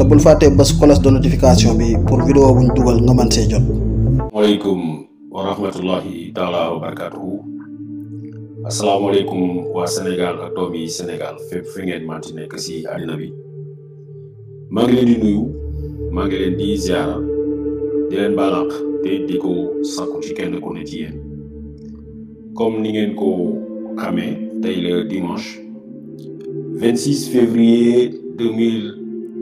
te bul fàttee bés cloche de notification bi pour vidéo buñ dugal nga man see jot. alaykum wa rahmatullahi taala wa barakaatuhu. alaykum wa Sénégal ak doom yi Sénégal fépp fi ngeen manti si àddina bi. ma ngi leen di nuyu ma ngi leen di ziara di leen baalaq te di ko sakku ci kenn ne ci comme ni ngeen ko xamé tay le dimanche 26 février 2000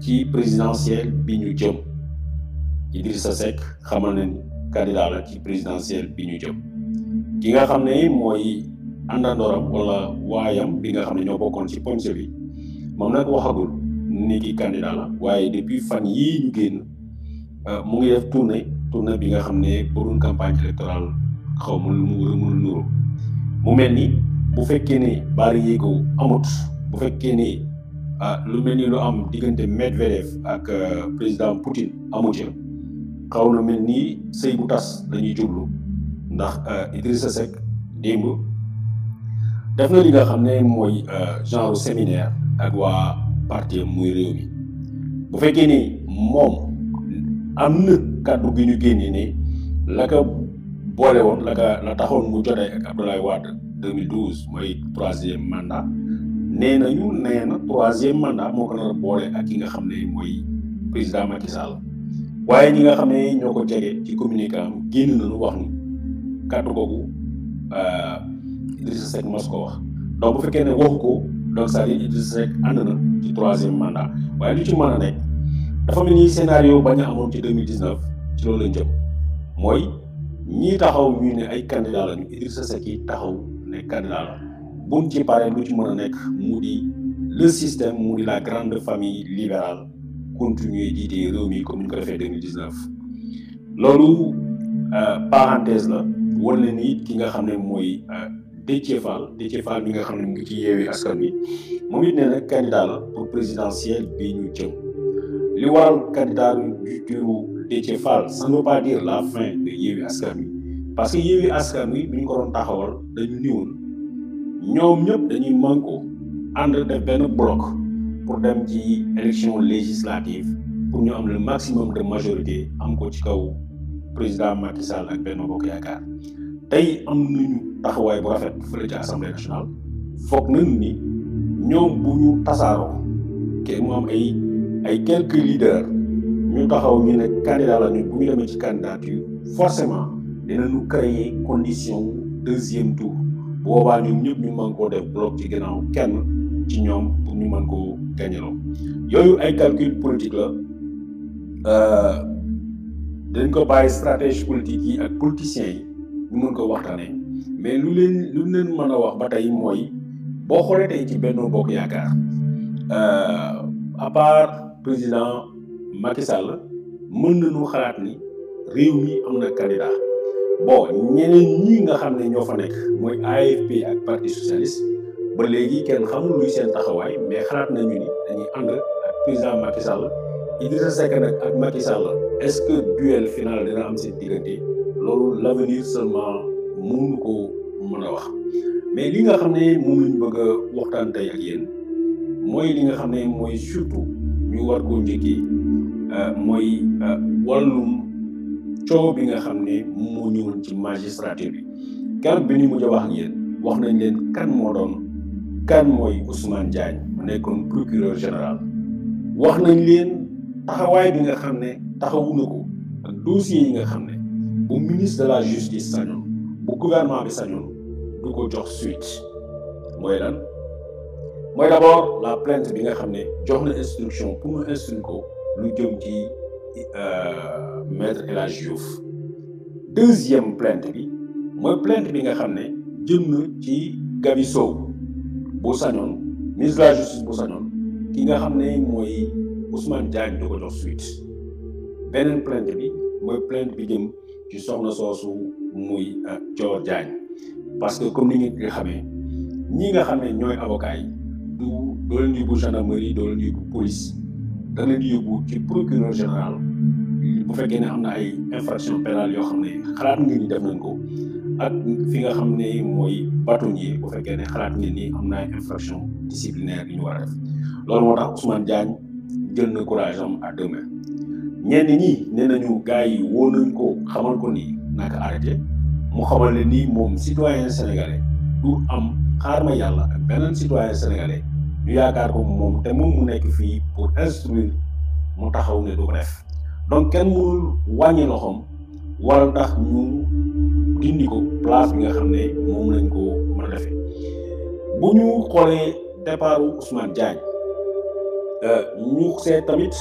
ci présidentielle bi ñu jëm ça Seck xamal na candidat la présidentielle bi ñu jëm ki nga xam ne mooy wala waayam bi nga xam ñoo bokkoon ci bi waxagul ni ki candidat la depuis fan ñu euh, mu ngi pour une campagne électorale xaw mu mu ni bu fekkee bari amut bu Ah, lu mel ni lu am diggante Medvedev ak euh, président Poutine amu ci xaw lu mel nii sëy bu tas lañuy jublu ndax euh, Idrissa Seck démb def na li nga xam ne mooy euh, genre séminaire ak waa parti muy réew mi bu fekkee ni moom am na kàddu gi ñu génne ne la ko boole woon la ka la taxoon mu jotee ak Abdoulaye Wade 2012 mooy troisième mandat nee nañu nee na troisième mandat moo ko la a boole ak ki nga xam ne mooy président Macky Sall waaye ñi nga xam ne ñoo ko jege ci communiqué am génn la nañu wax ni kàddu googu euh, Idrissa Seck mas ko wax donc bu fekkee ne waxu ko donc c'est-à-dire Idrissa Seck ànd na ci troisième mandat waaye lu ci mën a nekk dafa mel ni scénario bañ a amoon ci deux mille dix neuf ci loolu lañ mooy ñii taxaw ñu ne ay candidat lañu Idrissa Seck yi taxaw ne candidat la. buñ ci paré lu ci mëna nek mudi le système mudi la grande famille libérale continuer di di réew mi comme ni ñu ko defee 2019 euh parenthèse la wan ni ki nga xamné moy mooy euh, Déthié Fall Déthié Fall bi nga xam ne mu ngi ci yeewee askan wi moom it nee candidat pour présidentiel bi ñu jëm li waral candidat du turu Déthié Fall ça ne veut pas dire la fin de yeewee askan wi parce que yeewee askan wi bi ñu ko doon taxawal dañu niwoon nous ñep dañuy manko de bloc pour dem élection législative pour ñu le maximum de majorité en ko ci kaw président Macky Sall ak Bokk yakar tay am nañu taxaway bu rafet ci assemblée nationale fokk ni ñom bu ñu tassaro ke ay ay quelques leaders ñu taxaw ñu candidat la ñu bu nous avons ci candidature forcément créer condition deuxième tour boobaa ñoom ñëpp ñu mën koo def bloc ci ginnaaw kenn ci ñoom pour ñu mën koo gañeloo yooyu ay calcul politique la euh, dañ ko bàyyi stratégie politique yi ak politiciens yi ñu mën ko waxtaanee mais lu leen lu leen mën a wax ba tey mooy boo xoolee tey ci Benno Bokk Yaakaar euh, à part président Macky mën na nañu xalaat ni réew mi am na candidat bon ñeneen ñii nga xam ne ñoo fa nekk mooy AFP ak parti socialiste ba léegi kenn xamul luy seen taxawaay mais xalaat nañu ni dañuy ànd ak président Macky Sall Idrissa Seck nag ak Macky Sall est-ce que duel final dina am seen diggante loolu l'avenir seulement mënu ko mën a wax mais li nga xam ne moom lañu bëgg a waxtaan ak yéen mooy li nga xam ne mooy surtout ñu war koo njëkkee euh, mooy euh, wàllum. coow bi nga xam ne moo ñëwoon ci magistrature bi keroog bi ñu mujj wax ak yéen wax nañ leen kan moo doon kan mooy Ousmane Diagne mu nekkoon procureur général wax nañ leen taxawaay bi nga xam ne taxawu na ko ak yi nga xam ne bu ministre de la justice sañoon bu gouvernement bi sañoon du ko jox suite mooy lan mooy d'abord la plainte bi nga xam ne jox na instruction pour ko lu jëm ci Euh, maître El la Diouf deuxième plainte bi moy plainte bi nga xamné ci la justice bu sañon ki nga xamné moy Ousmane Diagne ko suite plainte bi plainte bi jëm ci soxna soosu muy euh, Diagne parce que comme ni nga xamé ñi nga ne avocat yi du police dana di yóbbu ci procureur général bu fekkee ne am na ay infraction pénale yoo xam ne xalaat ngeen ni def nañ ko ak fi nga xam ne mooy bâtonnier bu fekkee ne xalaat ngeen ni am na ay infraction disciplinaire yu ñu war a def loolu moo tax Ousmane Diagne jël na courage am à deux mains ñenn ñi nee nañu gars yi woo nañ ko xamal ko ni naka arrêté mu xamal ne ni moom citoyen sénégalais du am xaar ma yàlla ak beneen citoyen sénégalais ñu yaakaar ko moom te moom mu nekk fii pour instruire mu taxaw ne du ko def donc kenn mënul wàññi loxoom wala ndax ñu dindi ko place bi nga xam ne moom lañ ko mën a defee bu ñu xoolee départu Ousmane Diagne euh, ñu seet tamit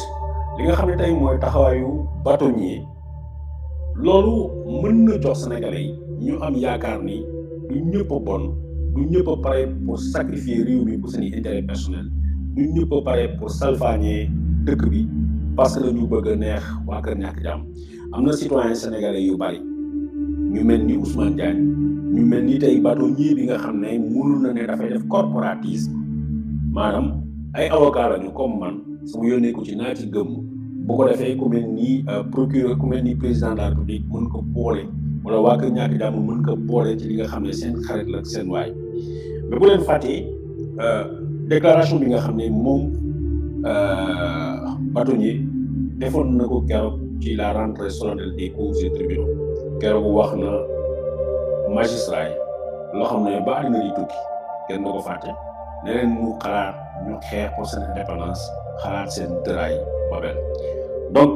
li nga xam ne tey mooy taxawaayu bâtonnier loolu mën na jox sénégalais ñu am yaakaar ni du ñëpp bon. du ñëpp a pare pour sacrifier réew mi pour seen i intérêt personnel du ñëpp a pare pour salfaañee dëkk bi parce que ñu bëgg a neex waa kër ñàkk jàmm am na citoyen sénégalais yu bari ñu mel ni Ousmane Diagne ñu mel ni tey bâtonnier bi nga xam ne mënul na ne dafay def corporatisme maanaam ay avocat lañu comme man su ma yónnee ko ci naa gëmm bu ko defee ku mel ni euh, procureur ku mel ni président de la République mën ko boole. wala waa kër ñàkk jàmm mën ko boole ci li nga xam ne seen xarit la seen waay mais bu leen fàtte euh, déclaration bi nga xam ne moom euh, bâtonnier defoon na ko keroog ci la rentrée solennelle des cours et tribunaux keroog wax na magistrat yi loo xam ne ba àddina di tukki kenn du ko fàtte ne leen xalaat ñu xeex pour indépendance xalaat seen tëraay Babel donc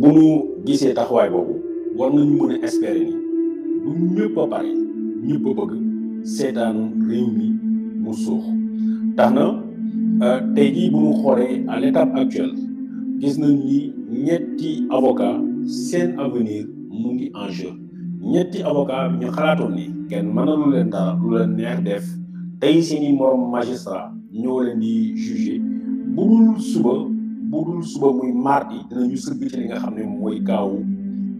bu ñu gisee taxawaay boobu. war nañu mën a ni bu ñëpp a ñëpp a bëgg seetaanu réew mi mu suux euh, jii bu à l'étape actuelle gis nañ ni ñetti avocat seen avenir mu ngi en jeu ñetti avocat ñu xalaatoon ni kenn leen lu neex def tey magistrat ñoo leen di jugé bu suba bu suba muy mardi sëgg ci li nga gaawu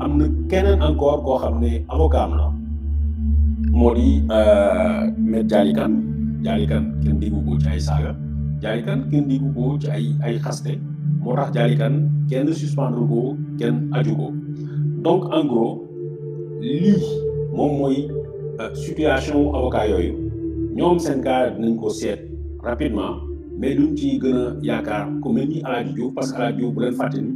am na keneen encore koo xam ne avocat am la moo di euh, maître Dialy Kane Dialy Kane kenn déggu ko ci ay saaga Dialy kenn déggu ko ci ay ay xaste moo tax Dialy kenn suspendre ko kenn aju ko donc en gros lii moom mooy euh, situation avocat yooyu ñoom seen cas dinañ ko seet rapidement mais duñ ci gën a yaakaar ku mel ni Alaaji parce que Alaaji Diouf bu leen fàttali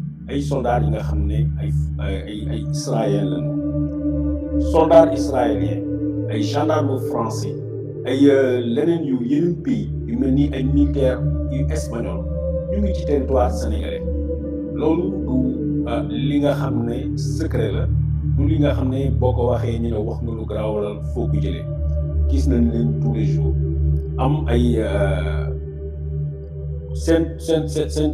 ay soldats yi nga ay ay israélien ay gendarme français ay euh, leneen yu yeneen pays yu ni ay militaire yu espagnol ñu ngi ci territoire sénégalais du euh, li nga xam secret la du li nga ne wax tous les jours am ay euh, seen seen seen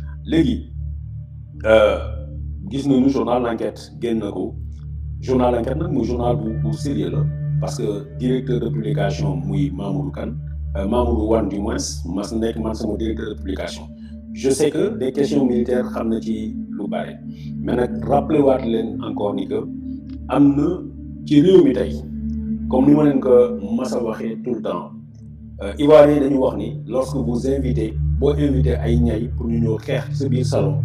léegi euh, gis nañu journal l'enquête génn journal enquête, nag muy journal bu bu sérieux parce que directeur de publication muy Mamoudou Kane euh, Mamoudou Wane du moins mas nekk man sama directeur de publication je sais que des questions militaires xam na ci lu bare mais nag rappelé waat leen encore ni que am na ci réew mi comme ni ma leen ko mas tout le temps euh, Ivoiriens dañu wax ni lorsque vous invitez boo invité ay ñay pour ñu ñëw xeex sa biir salon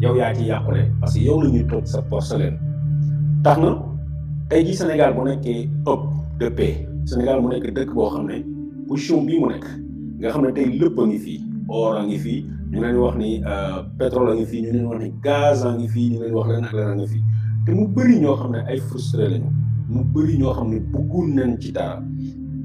yow yaa ci yàqule parce que yow la ñuy toog sa porcelaine tax na tey jii Sénégal mu nekkee hub de paix Sénégal mu nekk dëkk boo xam ne position bii mu nekk nga xam ne tey lépp a ngi fii or a ngi fii ñu leen wax ni euh, pétrole a ngi fii ñu leen wax ni gaz a ngi fii ñu leen wax leen ak leen a ngi fii te mu bëri ñoo xam ne ay frustré lañu mu bëri ñoo xam ne bëggoon nañ ci dara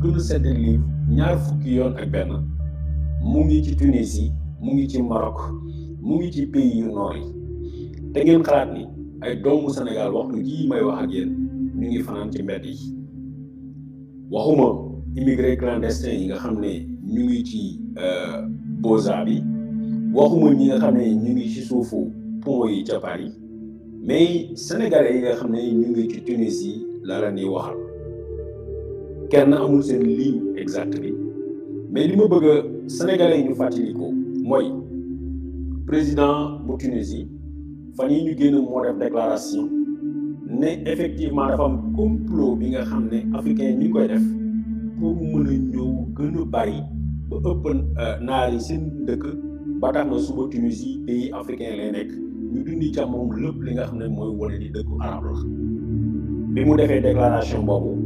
gën a sedd livre ñaar fukki yoon ak benn mu ngi ci Tunisie mu ngi ci Maroc mu ngi ci pays yu noor yi te ngeen xalaat ni ay doomu Sénégal waxtu jii may wax ak yéen ngi fanaan ci mbedd yi waxuma immigré clandestin yi nga xam ne ñu ngi ci euh, Boza bi waxuma ñi nga xam ne ñu ngi ci suufu pont yi ca Paris mais sénégalais yi nga xam ne ñu ngi ci Tunisie la la waxal. kenn amul seen ligne exacte bi mais li ma bëgg sénégalais ñu fàttali ko mooy président bu Tunisie fan yi ñu génn moo def déclaration ne effectivement dafa am complot bi nga xam ne africain ñu koy def pour mën a ñëw gën a bari ba ëpp euh, naar yi seen dëkk ba tax na suba Tunisie pays africain lay nekk ñu dundi ca moom lépp li nga xam ne mooy wane ni dëkku arab la bi mu defee déclaration boobu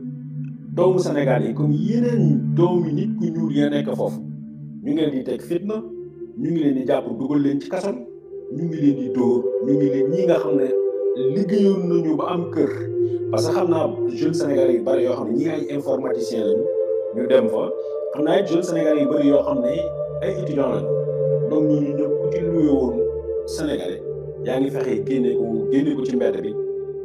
doomu Sénégal yi comme yeneen doomu nit ku ñuul ya nekk foofu ñu ngi leen di teg fitna ñu ngi leen di jàpp dugal leen ci kaso ñu ngi leen di dóor ñu ngi leen ñi nga xam ne liggéeyoon nañu ba am kër parce que xam naa jeune Sénégalais yi bari yoo xam ne ñi ay informaticien lañu ñu dem fa xam naa it jeune Sénégalais yi bari yoo xam ne ay étudiant lañu donc ñooñu ñëpp ku ci luwe Sénégalais yaa ngi fexe génne ko génne ko ci mbedd bi.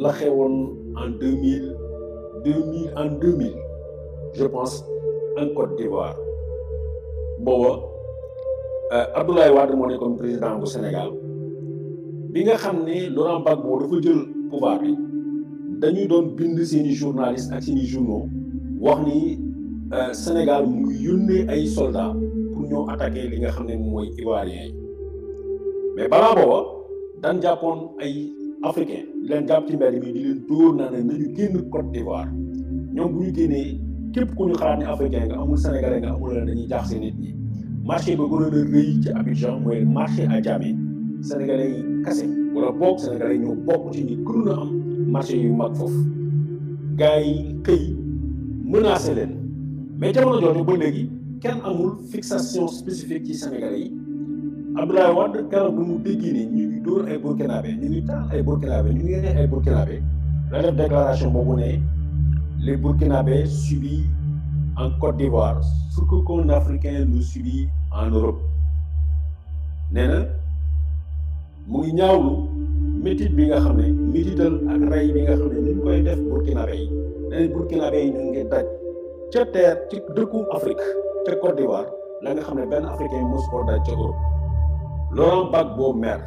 la xewoon en 2000, 2000, en 2000, je pense en Côte d'Ivoire euh, Abdoulaye Wade moo comme président du Sénégal bi nga xam ne Laurent Gbagbo dafa jël pouvoir bi dañu doon bind seeni journaliste ak seeni journaux wax ni euh, Sénégal mu ngi yónnee ay soldats pour ñoo attaquer li nga xam ne mooy Ivoiriens yi mais balaa booba dañ jàppoon ay africain len leen jàpp ci mbedd mi di len dóor na ne nañu génn Côte d'Ivoire ñom bu ñu génnee képp ku ñu xalaat ne africain nga amul sénégalais nga amul la dañuy jaaxle nit ñi marché ba gënoon na rëy ci Abidjan mooy marché à Djamé sénégalais yi kase wala boog sénégalais ñoo bokk ci ñi gënu na am marché yu mag foofu gaay kay menacer len mais jamono jooju ba léegi kenn amul fixation spécifique ci sénégalais yi Abdoulaye Wade kala bu mu déggee ni ñu ñuy dóor ay e burkinabé ñu ngi taal ay burkinabé ñu ngi ay burkinabé la def déclaration boobu ne les burkinabés subi en Côte d'Ivoire ce que qu'un africain nous subit en Europe nee na mu ngi ñaawlu métit bi nga xam ne métital ak rey bi nga xam ne ñu ngi koy def burkinabé yi nee na burkinabé yi ñu ngi daj ca terre ci dëkku Afrique ca Côte d'Ivoire la nga xam ne benn africain mos koo daj ca Europe Laurent Gbagbo maire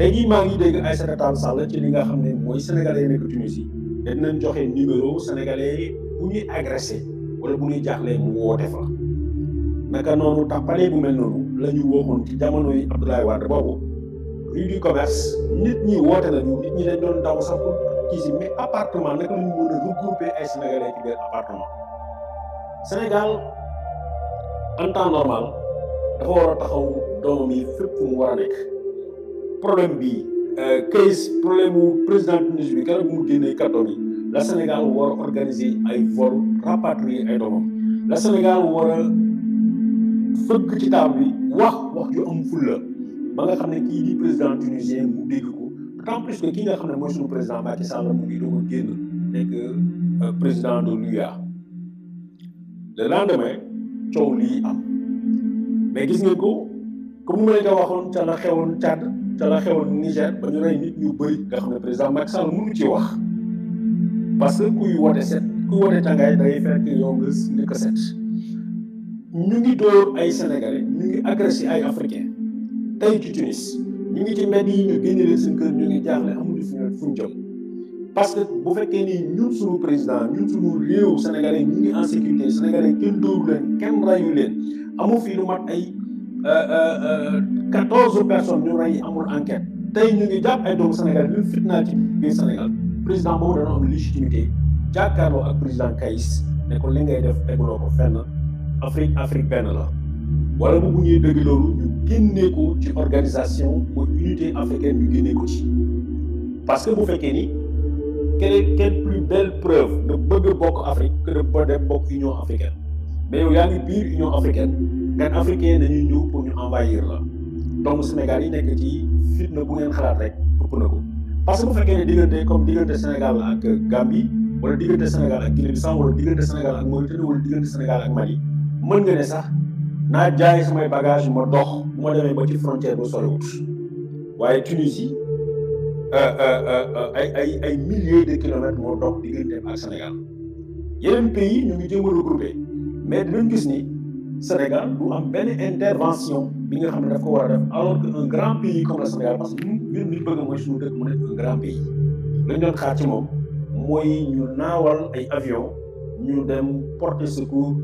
tey jii maa ngi dégg Aïssata Tall Sall ci li nga xam ne mooy sénégalais nekk Tunisie dinañ joxe numéro sénégalais bu ñuy agressé wala bu ñuy jaaxlee mu woote fa naka noonu tàppalee la ñu waxoon ci jamono yi Abdoulaye Wade boobu rue commerce nit ñi woote nañu nit ñi dañ doon daw sax kii si mais appartement naka la ñu mën a regrouper ay sénégalais ci biir appartement Sénégal en dafa war a taxaw doomam yi fu mu war a nekk. problème bi euh, case problème mu président Tunisie bi keroog mu génnee kàddoom yi la Sénégal war a organiser ay vol rapatrier ay la Sénégal war a fëgg ci taab bi wax wax ju am fulla ba nga xam ne kii di président tunisien mu dégg ko d'autant nga xam ne mooy suñu président Macky Sall mu ngi doon génn nekk euh, président de l'UA le lendemain coow lii am mais gis ngeen ko. comme ni ma waxoon ca la xewoon Tchad ca la xewoon Niger ba ñu rey nit ñu bëri nga xam ne président Macky Sall ci wax parce que kuy woote set kuy woote tàngaay da ngay fekk yow nga nekk set ñu ngi dóor ay sénégalais ñu ngi agressé ay africain tey ci Tunis ñu ngi ci mbedd yi ñu génne leen seen kër ñu ngi jaaxle amuñu fu ñu fu ñu jëm parce que bu fekkee ni ñun suñu président ñu suñu réew sénégalais ñu ngi en sécurité sénégalais kenn dóoru leen kenn rayu leen ay. 14 euh, euh, euh, personnes ñu rey amul enquête tey ñu ngi jàpp ay doomu Sénégal ñu fitna ci biir Sénégal président boobu dana am légitimité jàkkaarloo ak président Kayis ne ko li ngay def teguloo ko fenn Afrique Afrique benn la wala bu ñuy dëgg loolu ñu génnee ko ci organisation mooy unité africaine ñu génnee ko ci parce que bu fekkee ni quelle quelle plus belle preuve de bëgg bokk Afrique que de bëgg bokk Union africaine mais yow yaa ngi biir Union africaine ngeen africain dañu ñëw pour ñu envahir la doomu Sénégal yi nekk ci fitna bu ngeen xalaat rek ëpp na ko parce que bu fekkee ne diggante comme diggante Sénégal ak Gambie wala diggante Sénégal ak Guinée-Bissau wala diggante Sénégal ak Mauritanie wala diggante Sénégal ak Mali mën nga ne sax naa jaay samay bagage ma dox bu ma demee ba ci frontière bu soriwut waaye Tunisie euh, euh, euh, ay ay ay milliers de kilomètres moo dox digganteem ak Sénégal yeneen pays ñu ngi jéem a regroupé mais dinañ gis ni. Sénégal du am benn intervention bi nga xam ne daf ko war a def alors que un grand pays comme le Sénégal parce que ñun ñun ñu bëgg mooy suñu dëkk mu nekk un grand pays lañ doon xaar ci moom mooy ñu naawal ay avion ñu dem porter secours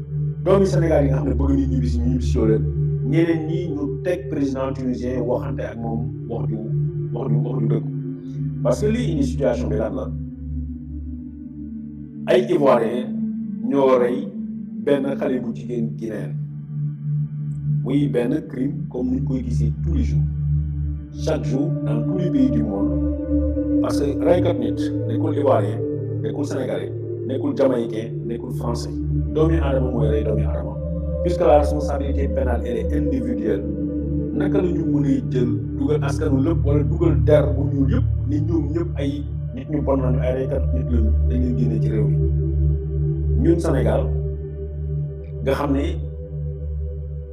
doomi Sénégal yi nga xam ne bëgg nañ ñibbi si ñu bis si leen ñeneen ñi ñu teg président tunisien waxante ak moom wax ju wax ju wax ju dëgg parce que lii une situation bi lan la ay Ivoiriens ñoo rey benn xale bu jigéen Guinéen un crime comme nous tous les jours chaque jour dans tous les pays du monde parce que raykat nit sénégalais les jamaïcain les français puisque la responsabilité pénale est individuelle nous ñu pas nous jël dugal askanu wala dugal Nous Sénégal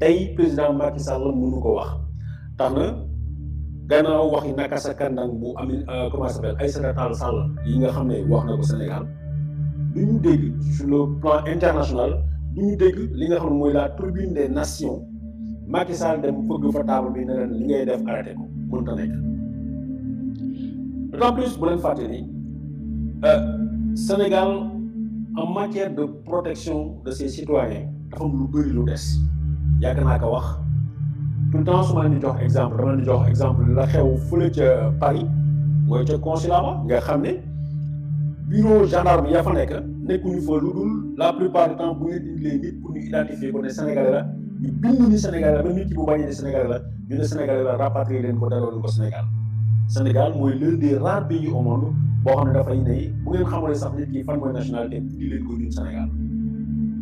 tey président Macky Sall mënu ko wax tax na gannaaw wax yi naka sa kandang bu ami euh, comment s'appelle Aïssata Tall Sall yi nga xam ne wax na ko Sénégal du ñu dégg sur le plan international du ñu dégg li nga xam ne mooy la tribune des nations Macky Sall dem fëgg fa table bi ne li ngay def arrêté ko mënta nekk bu leen fàtte ni euh, Sénégal en matière de protection de ses citoyens dafa am lu bëri lu des yàgg naa ko wax tout le temps su ma leen di jox exemple dama leen di jox exemple la xew fële ca Paris mooy ca consulat nga xam ne bureau gendarme ya fa nekk nekkuñu fa lu dul la plupart du temps bu ngeen indilee nit pour ñu identifier ko ne Sénégalais la ñu bind ni Sénégalais la ba nit ki bu bañee ne Sénégalais la ñu ne Sénégalais la rapatrier leen ko daloon ko Sénégal Sénégal mooy l'un des rares pays au monde boo xam ne dafay ne bu ngeen xamale sax nit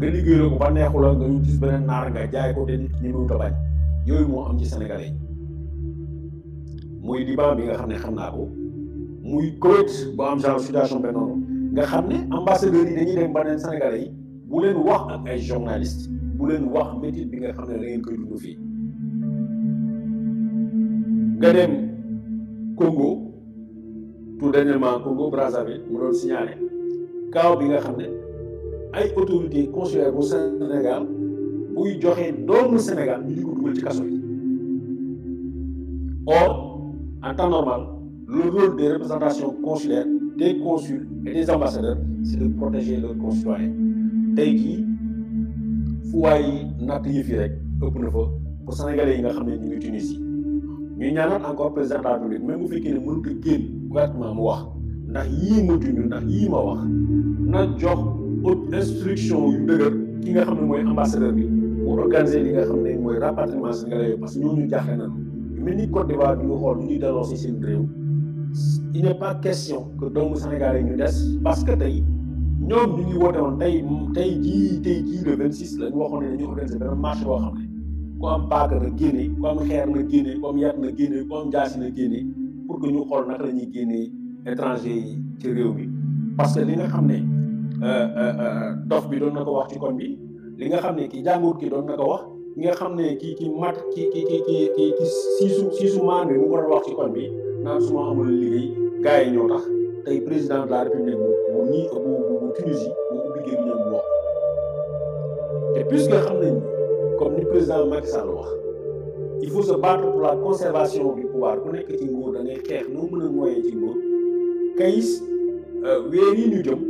nga liggéey la ko ba neexul la nga gis beneen naar nga jaay ko te nit ñi mënut a bañ yooyu moo am ci sénégalais yi muy Liban bi nga xam ne xam naa ko muy Koweït bu am genre situation benn noonu nga xam ne ambassadeurs yi dañuy dem ba neen sénégalais yi bu leen wax ak ay journalistes bu leen wax métit bi nga xam ne da ngeen koy dund fii nga dem Congo tout dernièrement Congo Brazzaville mu doon signalé kaaw bi nga xam ne. ay autorité consulaire bu Sénégal buy joxe doomu Sénégal ñu ko dugal ci kaso yi or en temps normal le rôle des représentations consulaires des consuls et des ambassadeurs c'est de protéger leurs concitoyens tey jii fu waay natt yi fii rek ëpp na fa pour sénégalais yi nga xam ne ñu ngi Tunisie ñu ñaanal encore président de la République même bu fekkee ne mënut a génn ouvertement mu wax ndax yii mu junj ndax yii ma wax na jox. haute instruction yu dëgër ki nga xam ne mooy ambassadeur bi mu organiser li nga xam ne mooy rapatriement sénégalais yooyu parce que ñooñu xool ñu ñuy delloo si seen réew il question que doomu sénégalais ñu des parce que tey ñoom ñu ngi woote woon tey tey jii tey jii le 26 la ñu waxoon ne dañuy organiser benn marche boo xam ne ku am paaka na génne ku am xeer na génne ku am yat na génne ku am jaasi na génne pour que ñu xool naka la ñuy génnee étranger yi ci réew mi parce que li nga xam ne Euh, euh, euh, dof bi doon na ko wax ci kon bi li nga xam ne ki jàngut ki doon na ko wax ki nga xam ne ki ki mat ki ki ki ki ki ki siisu siisu maan bi mu ko doon wax ci kon bi naan suma amul liggéey gars yi ñoo tax tey président de la république bu nii bu bu Tunisie bu ubbi géej ñoom mu wax te puisque xam nañ comme ni président Macky Sall wax il faut se battre pour la conservation du pouvoir ku nekk ci nguur da ngay xeex noo mën a moyee ci nguur kayis weer yi ñu jëm.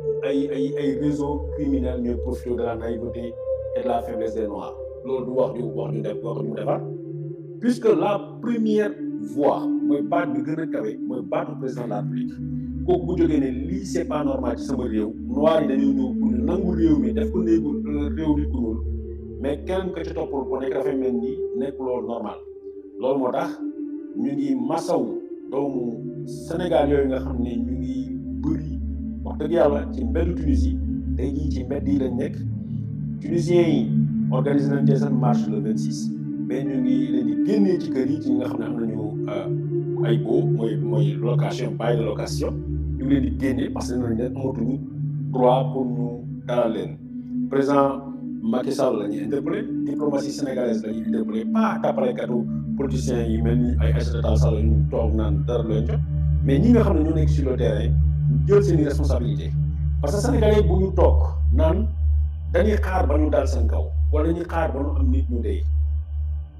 un réseau criminel mieux de la naïveté et de la faiblesse des noirs loolu du wax wax def puisque la première voix mooy président de la République au bu de l'année c'est pas normal ci sama réew noirs yi pour euh, mais kenn ko ci mel normal C'est moo tax dëgg yàlla ci mbeddu Tunisie tey jii ci mbedd yi lañ nekk tunisiens yi organisé nañ tey seen marche le 26 mais ñu ngi leen di génnee ci kër yi ci nga xam ne am nañu euh, ay baux mooy mooy location bail de location ñu ngi leen di génnee parce que nañ ne amatuñu droit pour ñu dalal leen président Macky Sall la ñuy interpellé diplomatie sénégalaise la ñuy interpellé pas tapalekatu politiciens yi mel ni ay Aïssata Tall Sall ñu toog naan dara leen jot mais ñi nga xam ne ñu nekk sur le terrain jël responsabilité parce que sénégalais bu ñu toog naan dañuy xaar ba dal seen kaw wala dañuy xaar ba am nit ñu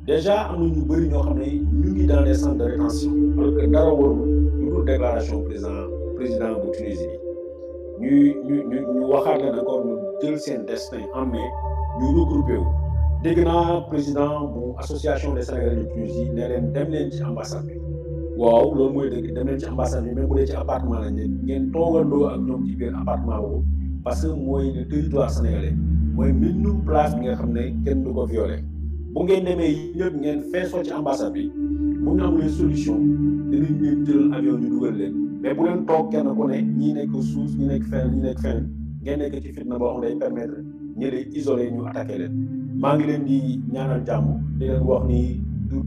déjà nous ñu dans les centres de rétention alors que dara déclaration président président Tunisie ñu destin en Nous wu dégg président association des sénégalais de Tunisie dem waaw loolu mooy dëgg dem leen ci ambassade bi même bu ci appartement lañ ne ngeen toogandoo ak ñoom ci biir appartement parce que mooy le territoire sénégalais mooy minimum place bi nga xam ne kenn du ko violé bu ngeen demee ñëpp ngeen feesoo ci ambassade bi bu ñu amulee solution dinañ leen jël avion ñu dugal leen mais bu leen toog kenn ku ne ñii nekk suuf ñi nekk fenn ñi nekk fenn ngeen nekk ci fitna boo xam day permettre ñi lay ñu attaqué leen maa ngi leen di ñaanal jàmm di ni du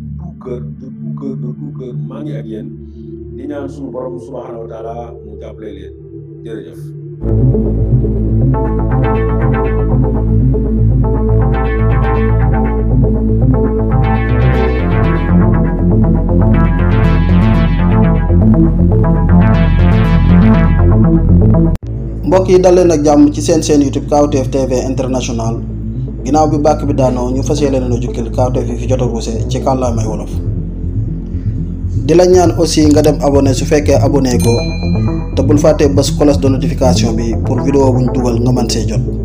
que de tout cœur maa ngi ak di ñaan suñu borom subhanahu wa taala mu yi ak ci seen sen youtube kawtef tv international ginaaw bi bak bi daano ñu fas yéene na jukkil kawtef fi fi jot ci kan la may wolof dila ñaan aussi nga dem abonné su féké abonné ko te bul faté bés cloche de notification bi pour vidéo buñ duggal nga mën sé jot